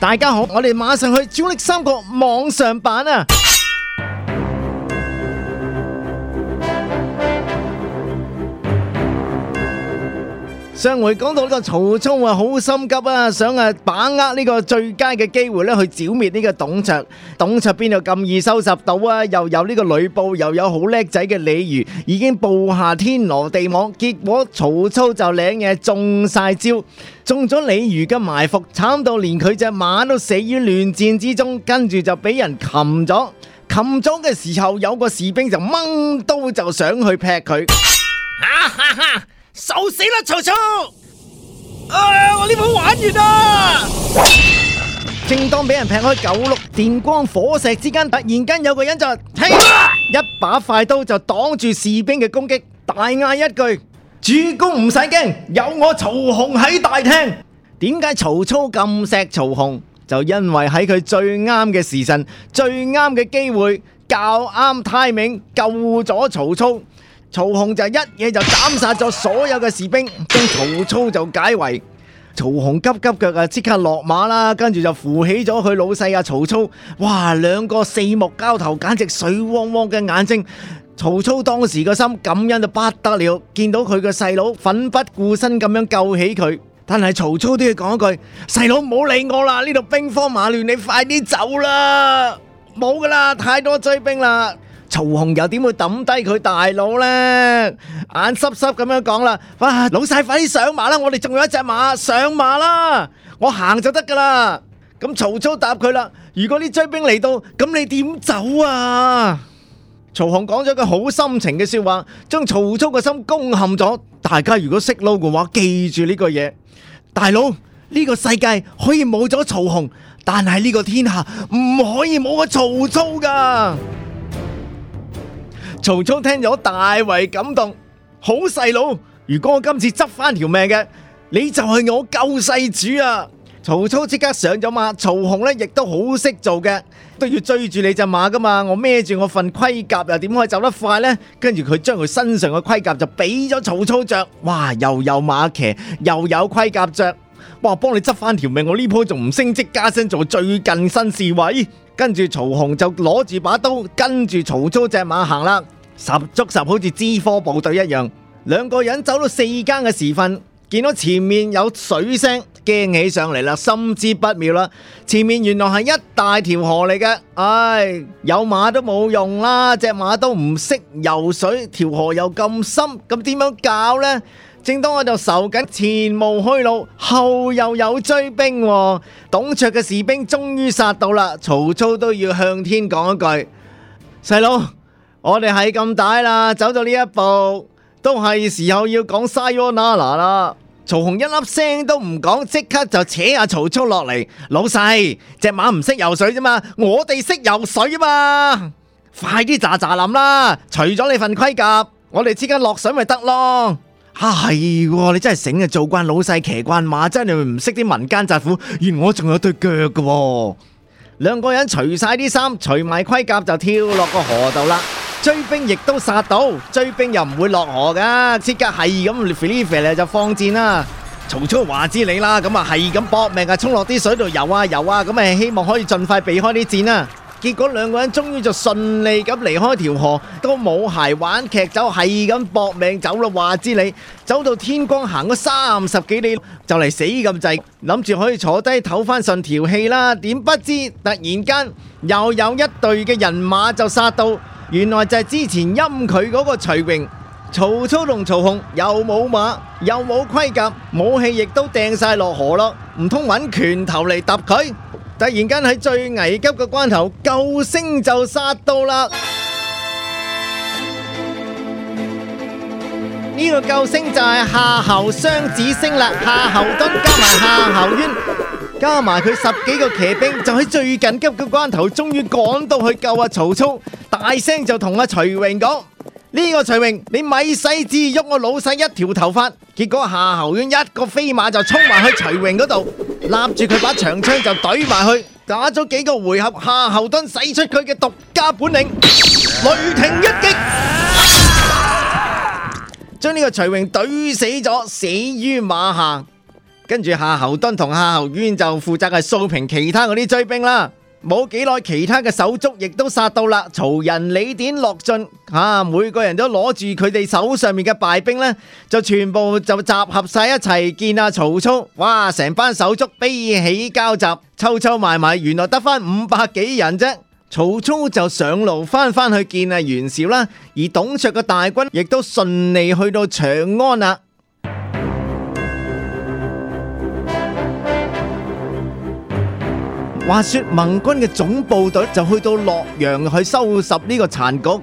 大家好，我哋馬上去《朱古力三國》網上版啊！上回講到呢個曹操啊，好心急啊，想啊把握呢個最佳嘅機會呢去剿滅呢個董卓。董卓邊度咁易收拾到啊？又有呢個呂布，又有好叻仔嘅李儒，已經布下天羅地網。結果曹操就領嘢中晒招，中咗李儒嘅埋伏，慘到連佢隻馬都死於亂戰之中，跟住就俾人擒咗。擒咗嘅時候，有個士兵就掹刀就想去劈佢。啊哈哈！受死啦，曹操！哎呀我呢鋪玩完啦！正當俾人劈開九六電光火石之間，突然間有個人就，停！啊」一把快刀就擋住士兵嘅攻擊，大嗌一句：主公唔使驚，有我曹洪喺大廳。點解曹操咁錫曹洪？就因為喺佢最啱嘅時辰、最啱嘅機會、較啱 timing 救咗曹操。曹洪就一嘢就斬殺咗所有嘅士兵，將曹操就解圍。曹洪急急腳啊，即刻落馬啦，跟住就扶起咗佢老細啊！曹操，哇，兩個四目交投，簡直水汪汪嘅眼睛。曹操當時個心感恩到不得了，見到佢個細佬奮不顧身咁樣救起佢，但係曹操都要講一句：細佬唔好理我啦，呢度兵荒馬亂，你快啲走啦，冇噶啦，太多追兵啦。曹洪又點會抌低佢大佬呢？眼濕濕咁樣講啦！哇，老細快啲上馬啦！我哋仲有一隻馬，上馬啦！我行就得噶啦！咁曹操答佢啦：如果啲追兵嚟到，咁你點走啊？曹洪講咗個好心情嘅說話，將曹操個心攻陷咗。大家如果識撈嘅話，記住呢句嘢。大佬，呢個世界可以冇咗曹洪，但係呢個天下唔可以冇個曹操噶。曹操聽咗大為感動，好細佬，如果我今次執翻條命嘅，你就係我救世主啊！曹操即刻上咗馬，曹洪咧亦都好識做嘅，都要追住你隻馬噶嘛，我孭住我份盔甲又點可以走得快呢？跟住佢將佢身上嘅盔甲就俾咗曹操着，哇，又有馬騎又有盔甲着，哇，幫你執翻條命，我呢鋪仲唔升職加薪做最近新侍衛？跟住曹洪就攞住把刀，跟住曹操隻馬行啦，十足十好似支科部隊一樣。兩個人走到四更嘅時分，見到前面有水聲，驚起上嚟啦，心知不妙啦。前面原來係一大條河嚟嘅，唉、哎，有馬都冇用啦，隻馬都唔識游水，條河又咁深，咁點樣搞呢？正當我就愁緊前無去路，後又有追兵，喔，董卓嘅士兵終於殺到啦！曹操都要向天講一句：細佬，我哋係咁大啦，走到呢一步，都係時候要講莎喲娜啦！曹洪一粒聲都唔講，即刻就扯阿曹操落嚟。老細隻馬唔識游水咋嘛？我哋識游水嘛！快啲咋咋諗啦，除咗你份盔甲，我哋即刻落水咪得咯！吓係喎，你真係醒啊！做慣老細騎慣馬，真係唔識啲民間疾苦。而我仲有對腳嘅，兩個人除晒啲衫，除埋盔甲就跳落個河度啦。追兵亦都殺到，追兵又唔會落河噶。即刻係咁飛飛飛就放箭啦。曹操話之你啦，咁啊係咁搏命啊，衝落啲水度游啊游啊，咁咪希望可以盡快避開啲箭啦、啊。結果兩個人終於就順利咁離開條河，都冇鞋玩，劇走係咁搏命走啦。話之你走到天光行咗三十幾里，就嚟死咁滯，諗住可以坐低唞翻順條氣啦。點不知突然間又有一隊嘅人馬就殺到，原來就係之前陰佢嗰個徐榮、曹操同曹洪，又冇馬又冇盔甲，武器亦都掟晒落河咯，唔通揾拳頭嚟揼佢？突然間喺最危急嘅關頭，救星就殺到啦！呢個救星就係夏侯雙子星啦，夏侯惇加埋夏侯淵，加埋佢十幾個騎兵，就喺最緊急嘅關頭，終於趕到去救阿曹操。大聲就同阿徐榮講：呢個徐榮，你咪細至喐我老細一條頭髮！結果夏侯淵一個飛馬就衝埋去徐榮嗰度。攬住佢把長槍就懟埋去，打咗幾個回合，夏侯惇使出佢嘅獨家本領，雷霆一擊，將呢個徐榮懟死咗，死於馬下。跟住夏侯惇同夏侯淵就負責係掃平其他嗰啲追兵啦。冇幾耐，其他嘅手足亦都殺到啦。曹仁、李典、樂進，啊，每個人都攞住佢哋手上面嘅敗兵呢就全部就集合晒一齊見阿曹操。哇！成班手足悲喜交集，抽抽埋埋，原來得翻五百幾人啫。曹操就上路翻翻去見阿袁紹啦，而董卓嘅大軍亦都順利去到長安啦。話說盟軍嘅總部隊就去到洛陽去收拾呢個殘局，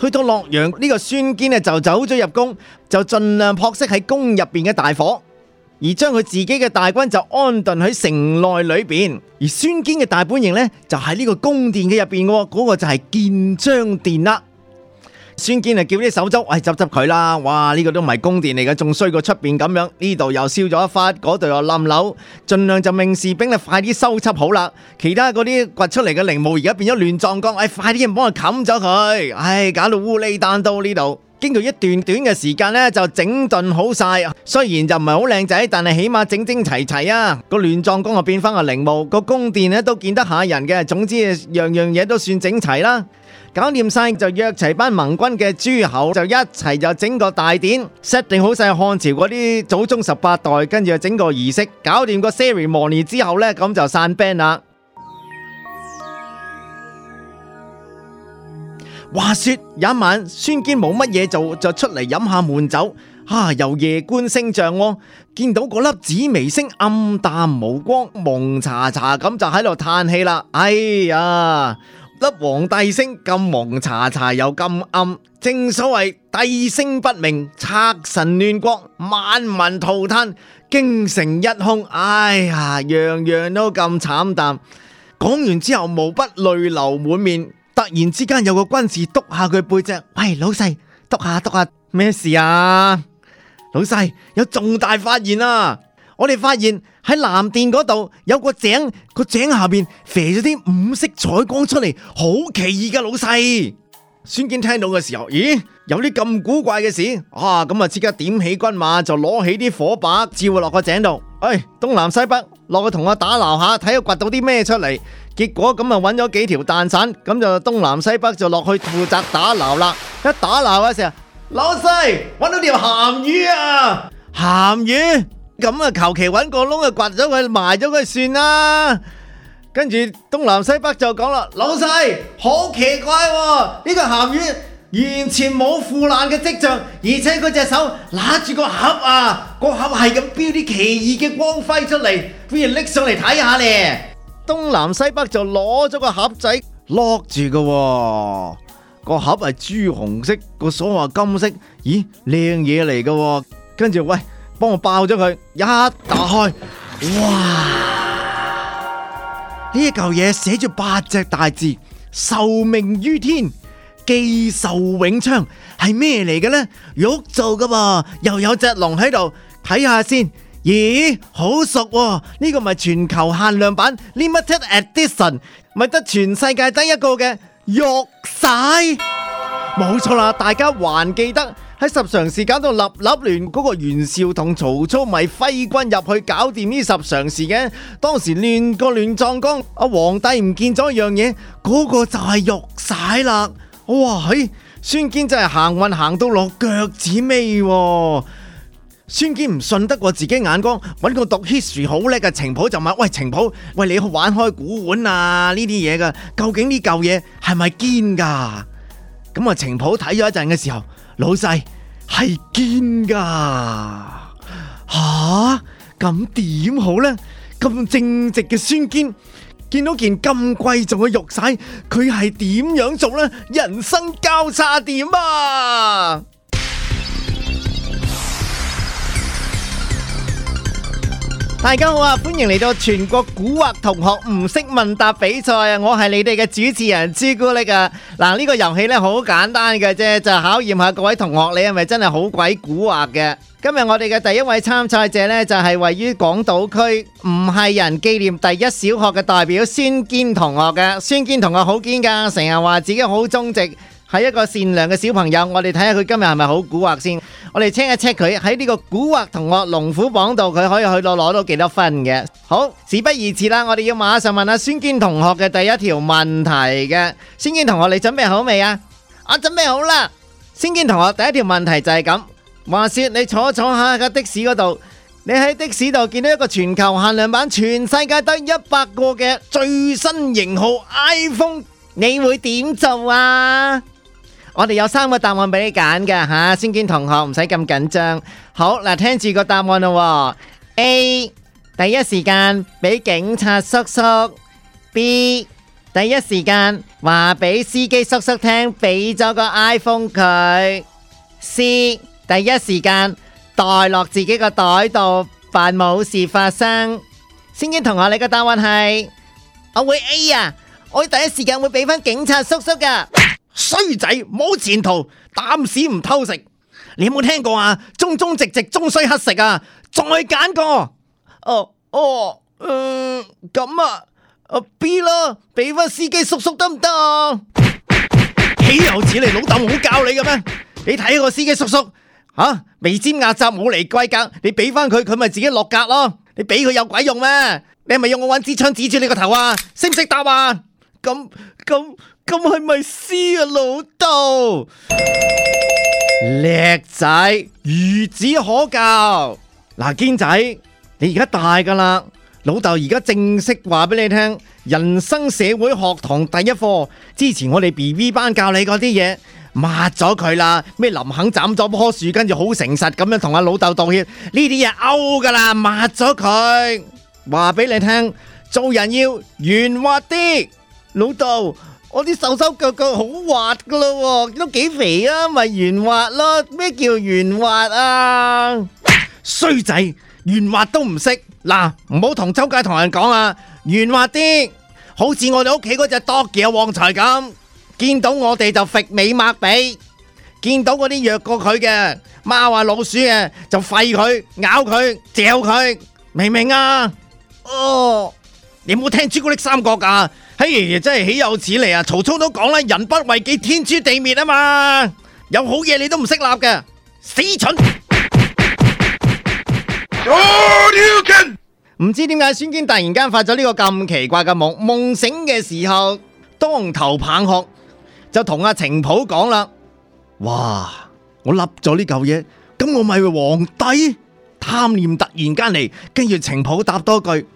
去到洛陽呢個孫堅就走咗入宮，就盡量撲熄喺宮入面嘅大火，而將佢自己嘅大軍就安頓喺城內裏面。而孫堅嘅大本營呢，就喺呢個宮殿嘅入面噶，嗰、那個就係建章殿啦。孫堅啊，叫啲手足，喂、哎，執執佢啦！哇，呢、呢個都唔係宮殿嚟嘅，仲衰過出邊咁樣。呢度又燒咗一忽，嗰度又冧樓，盡量就命士兵嚟快啲收葺好啦。其他嗰啲掘出嚟嘅陵墓，而家變咗亂葬崗，哎，快啲人幫我冚咗佢！唉、哎，搞到烏里單刀呢度。經過一段短嘅時間呢，就整頓好晒。雖然就唔係好靚仔，但係起碼整整齊齊啊！個亂葬崗啊變翻個陵墓，個宮殿咧都見得吓人嘅。總之樣樣嘢都算整齊啦。搞掂晒就約齊班盟軍嘅諸侯，就一齊就整個大典，set 定好晒漢朝嗰啲祖宗十八代，跟住整個儀式，搞掂個 ceremony 之後呢，咁就散 band 啦。話說有一晚，孫堅冇乜嘢做，就出嚟飲下悶酒。啊，由夜觀星象，哦，見到嗰粒紫微星暗淡無光，蒙查查咁就喺度嘆氣啦。哎呀！粒皇帝星咁蒙查查又咁暗，正所謂帝星不明，賊神亂國，萬民塗炭，京城一空。哎呀，樣樣都咁慘淡。講完之後，無不淚流滿面。突然之間，有個軍士督下佢背脊。喂，老細，督下督下，咩事啊？老細有重大發現啊！我哋發現喺南殿嗰度，有個井，個井下邊肥咗啲五色彩光出嚟，好奇異嘅，老細。孫堅聽到嘅時候，咦，有啲咁古怪嘅事啊！咁啊，即刻點起軍馬，就攞起啲火把照落個井度。哎，東南西北落去同我打撈下，睇下掘到啲咩出嚟。結果咁啊，搵咗幾條蛋散，咁就東南西北就落去負責打撈啦。一打撈嘅時候，老細搵到條鹹魚啊，鹹魚！咁啊，求其搵個窿啊，掘咗佢，埋咗佢算啦。跟住東南西北就講啦，老細好奇怪，哦，呢、呢個鹹魚完全冇腐爛嘅跡象，而且佢隻手拿住個盒啊，個盒係咁飆啲奇異嘅光輝出嚟，不如拎上嚟睇下咧。東南西北就攞咗個盒仔鎖住嘅，哦，個盒係朱紅色，個鎖係金色，咦，靚嘢嚟嘅。跟住喂。幫我爆咗佢，一打開，哇！呢一嚿嘢寫住八隻大字，受命於天，既壽永昌，係咩嚟嘅呢？玉做嘅噃，又有隻龍喺度，睇下先。咦，好熟喎、啊！呢、呢個咪全球限量版 Limited Edition，咪得全世界得一個嘅玉璽！冇錯啦，大家還記得？喺十常侍搞到立立亂，嗰、那個袁紹同曹操咪揮軍入去搞掂呢十常侍嘅？當時亂個亂撞光，阿皇帝唔見咗樣嘢，嗰、那個就係玉璽啦！哇，嘿、哎，孫堅真係行運行到落腳趾尾，孫堅唔信得過自己眼光，揾個讀 history 好叻嘅程普就問：喂，程普，喂，你去玩開古玩啊？呢啲嘢嘅，究竟呢舊嘢係咪堅噶？咁啊，程普睇咗一陣嘅時候。老細係堅噶，吓？咁點好咧？咁正直嘅孫堅見到件咁貴重嘅玉璽，佢係點樣做咧？人生交叉點啊！大家好啊！歡迎嚟到全國古惑同學唔識問答比賽啊！我係你哋嘅主持人朱古力啊！嗱，呢個遊戲呢，好簡單嘅啫，就考驗下各位同學你係咪真係好鬼古惑嘅？今日我哋嘅第一位參賽者呢，就係位於港島區唔係人紀念第一小學嘅代表孫堅同學嘅。孫堅同學好堅噶，成日話自己好忠直。係一個善良嘅小朋友，我哋睇下佢今日係咪好古惑先。我哋 check 一 check 佢喺呢個古惑同學龍虎榜度，佢可以去到攞到幾多分嘅？好，事不宜遲啦，我哋要馬上問下孫堅同學嘅第一條問題嘅。孫堅同學，你準備好未啊？我準備好啦。孫堅同學，第一條問題就係咁。話說你坐坐下架的士嗰度，你喺的士度見到一個全球限量版、全世界得一百個嘅最新型號 iPhone，你會點做啊？我哋有三個答案俾你揀嘅吓，孫堅同學唔使咁緊張。好，嗱，聽住個答案咯。A，第一時間俾警察叔叔；B，第一時間話俾司機叔叔聽，俾咗個 iPhone 佢；C，第一時間袋落自己個袋度扮冇事發生。孫堅同學，你個答案係？我會 A 啊，我第一時間會俾翻警察叔叔噶。衰仔，冇前途，擔屎唔偷食。你有冇聽過啊？忠忠直直終須乞食啊！再揀個哦哦，嗯咁啊，阿、啊、B 啦，俾翻司機叔叔得唔得啊？豈有 此理！老豆冇教你㗎咩？你睇個司機叔叔吓，眉尖壓窄，冇嚟貴格。你俾翻佢，佢咪自己落格咯。你俾佢有鬼用咩？你係咪用我揾支槍指住你個頭啊？識唔識答啊？咁咁咁係咪師啊老豆？叻仔，孺子可教。嗱、啊，堅仔，你而家大噶啦，老豆而家正式話俾你聽，人生社會學堂第一課，之前我哋 B B 班教你嗰啲嘢，抹咗佢啦。咩林肯斬咗棵樹，跟住好誠實咁樣同阿老豆道歉，呢啲嘢 out 噶啦，抹咗佢。話俾你聽，做人要圓滑啲。老豆，我啲手手腳腳好滑噶咯，都幾肥啊，咪圓滑咯？咩叫圓滑啊？衰仔，圓滑都唔識，嗱，唔好同周街同人講啊，圓滑啲，好似我哋屋企嗰隻 Doggy 旺財咁，見到我哋就甩尾抹鼻，見到嗰啲弱過佢嘅貓啊老鼠啊，就吠佢咬佢嚼佢，明唔明啊？哦。你冇聽朱古力三國噶、啊，嘿、hey，真係豈有此理啊！曹操都講啦，人不為己，天誅地滅啊嘛！有好嘢你都唔識笠嘅，死蠢！唔知點解孫堅突然間發咗呢個咁奇怪嘅夢，夢醒嘅時候當頭棒喝，就同阿程普講啦：，哇，我笠咗呢嚿嘢，咁我咪皇帝？貪念突然間嚟，跟住程普答多句。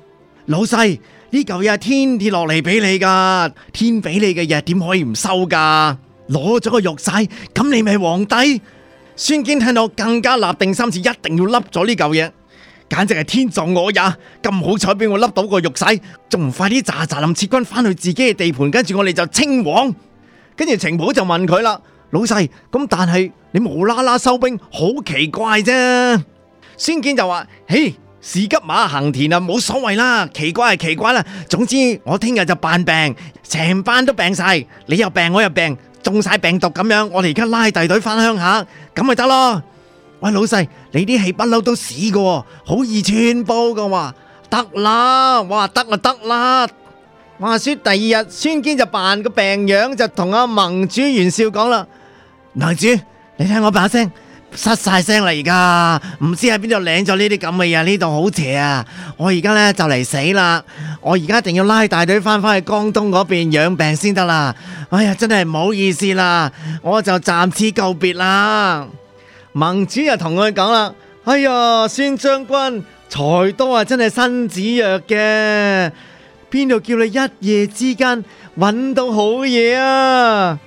老細，呢嚿嘢係天跌落嚟俾你噶，天俾你嘅嘢點可以唔收噶？攞咗個玉璽，咁你咪皇帝。孫堅聽到更加立定心志，一定要笠咗呢嚿嘢，簡直係天助我也！咁好彩俾我笠到個玉璽，仲唔快啲咋咋冧撤軍翻去自己嘅地盤？跟住我哋就稱王。跟住程普就問佢啦，：，老細，咁但係你無啦啦收兵，好奇怪啫。孫堅就話：，嘿。士急馬行田啊，冇所謂啦。奇怪係奇怪啦，總之我聽日就扮病，成班都病晒，你又病，我又病，中晒病毒咁樣，我哋而家拉大隊翻鄉下，咁咪得咯。喂，老細，你啲戲不嬲都屎噶，好易穿煲噶嘛？得啦，哇，得啊，得啦，啦。話說第二日，孫堅就扮個病樣，就同阿盟主袁紹講啦：盟主，你聽我把聲。失曬聲啦！而家唔知喺邊度領咗呢啲咁嘅嘢，呢度好邪啊！我而家呢就嚟死啦！我而家一定要拉大隊翻返去江東嗰邊養病先得啦！哎呀，真係唔好意思啦，我就暫時告別啦。盟主又同佢講啦，哎呀，孫將軍財多啊，真係身子弱嘅，邊度叫你一夜之間揾到好嘢啊？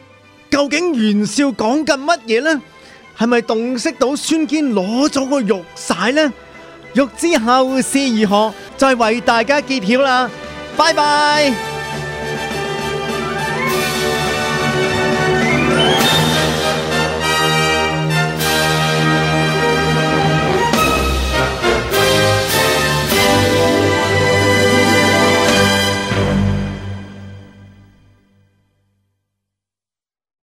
究竟袁紹講緊乜嘢呢？係咪洞悉到孫堅攞咗個玉璽呢？欲知後事如何，再為大家揭曉啦！拜拜。